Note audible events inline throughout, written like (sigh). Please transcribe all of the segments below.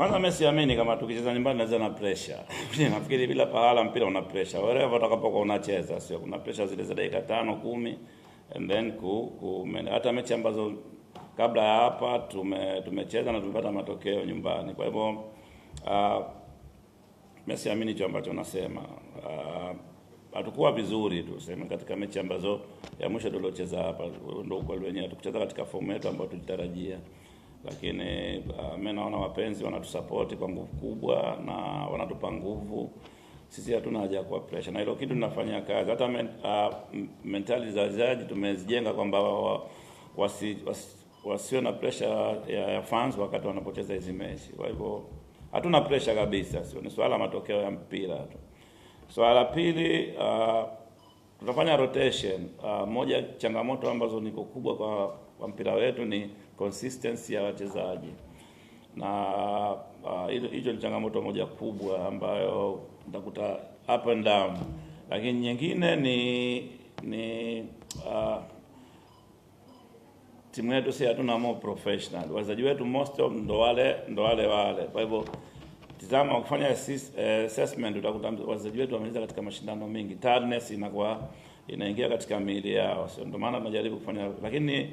Kwanza Messi amini kama tukicheza nyumbani naweza na pressure. (laughs) Nafikiri bila pahala mpira una pressure. Wewe hapo utakapokuwa unacheza sio kuna pressure zile za dakika tano, kumi and then ku, ku hata mechi ambazo kabla ya hapa tume, tumecheza na tumepata matokeo nyumbani. Kwa hivyo uh, Messi amini hicho ambacho unasema. Uh, ah, hatukuwa vizuri tu sema katika mechi ambazo ya mwisho tuliocheza hapa ndio kwa wenyewe, hatukucheza katika fomu yetu ambayo tulitarajia lakini uh, mimi naona wapenzi wanatusapoti kwa nguvu kubwa na wanatupa nguvu sisi hatuna haja ya kuwa pressure, na hilo kitu tunafanyia kazi. Hata men, uh, mentality za wachezaji tumezijenga kwamba wasi, wasi, wasio na pressure ya, ya fans wakati wanapocheza hizi mechi. Kwa hivyo hatuna pressure kabisa, sio, ni swala matokeo ya mpira tu. Swala la pili, uh, tutafanya rotation. Uh, moja changamoto ambazo niko kubwa kwa, kwa mpira wetu ni consistency ya wachezaji na uh, hicho uh, ni changamoto moja kubwa ambayo utakuta up and down, lakini nyingine ni ni uh, timu yetu si hatuna more professional wachezaji wetu most of ndo wale ndo wale wale. Kwa hivyo tizama, ukifanya eh, assessment utakuta wachezaji wetu wameingia katika mashindano mengi, tiredness inakuwa inaingia katika miili yao, sio? Ndio maana tunajaribu kufanya lakini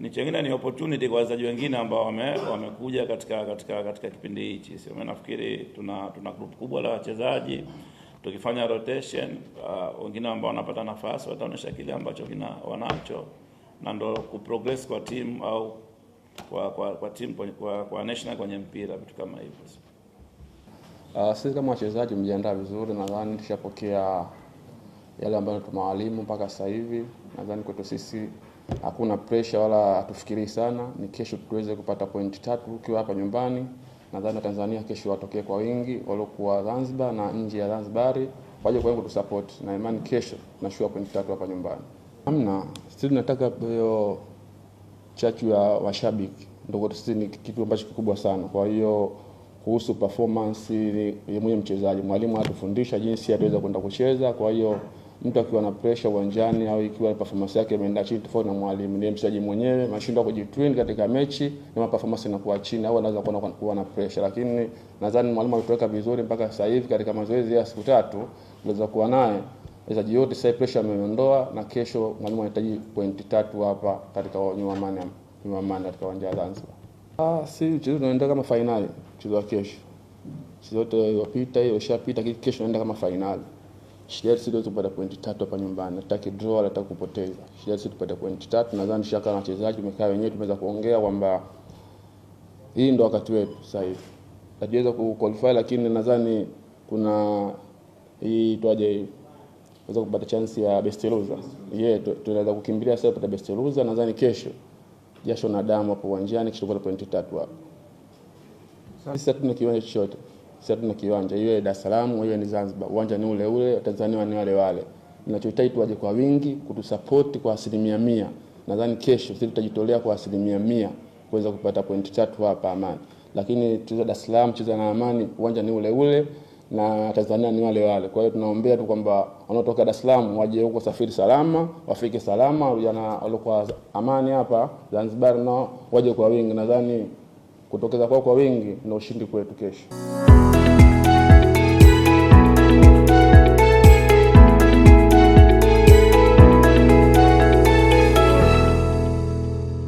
ni chengine ni opportunity kwa wazaji wengine ambao wame, wamekuja katika katika katika kipindi hichi. Sio mimi nafikiri tuna tuna group kubwa la wachezaji tukifanya rotation uh, wengine ambao wanapata nafasi wataonyesha kile ambacho kina wanacho na ndo progress kwa team au kwa kwa, kwa team kwa, kwa, kwa national kwenye mpira vitu kama hivyo. Uh, sisi kama wachezaji mjiandaa vizuri, nadhani tushapokea yale ambayo tumewalimu mpaka sasa hivi. Nadhani kwetu sisi hakuna pressure wala hatufikirii sana, ni kesho tuweze kupata pointi tatu ukiwa hapa nyumbani. Nadhani Watanzania kesho watokee kwa wingi, waliokuwa Zanzibar na nje ya Zanzibari waje kwa wingi kutusupport, na imani kesho tunashua pointi tatu hapa nyumbani. amna sisi tunataka hiyo chachu ya washabiki ndogo sisi, ni kitu ambacho kikubwa sana. Kwa hiyo kuhusu performance ni mwenye mchezaji, mwalimu atufundisha jinsi ataweza kwenda kucheza, kwa hiyo mtu akiwa na presha uwanjani au ikiwa performance yake imeenda chini tofauti na mwalimu, ni mchezaji mwenyewe anashindwa kujitrain katika mechi na performance inakuwa chini, au anaweza kuona kuwa na presha. Lakini nadhani mwalimu alitoweka vizuri mpaka sasa hivi katika mazoezi ya siku tatu anaweza kuwa naye wachezaji wote sasa presha ameondoa, na kesho mwalimu anahitaji pointi tatu hapa katika Nyuamani, Nyuamani katika uwanja wa Zanzibar. Ah, si mchezo unaenda kama finali, mchezo wa kesho, mchezo wote iliyopita hiyo ishapita, kesho unaenda kama finali. Shida yetu siwezi kupata pointi tatu hapa nyumbani. Nataki draw wala nataka kupoteza. Shida yetu tupate pointi tatu. Nadhani shaka na wachezaji tumekaa wenyewe tumeweza kuongea kwamba hii ndo wakati wetu sasa hivi. ku qualify, lakini nadhani kuna hii twaje tunaweza kupata chance ya best loser. Yeye yeah, tunaweza kukimbilia sasa kupata best loser nadhani kesho. Jasho na damu hapo uwanjani kishukua pointi tatu hapo. Sasa tuna kiwanja chochote sisi hatuna kiwanja, iwe Dar es Salaam iwe ni Zanzibar, uwanja ni ule ule, Tanzania ni wale wale. Ninachohitaji tuwaje kwa wingi kutusapoti kwa asilimia mia. Nadhani kesho sisi tutajitolea kwa asilimia mia kuweza kupata pointi tatu hapa Amani, lakini tuza Dar es Salaam cheza na Amani, uwanja ni ule ule na Tanzania ni wale wale. Kwa hiyo tunaombea tu kwamba wanaotoka Dar es Salaam waje huko, safiri salama, wafike salama. Vijana walikuwa Amani hapa Zanzibar nao waje kwa wingi. Nadhani kutokeza kwao kwa wingi ndio ushindi kwetu kesho.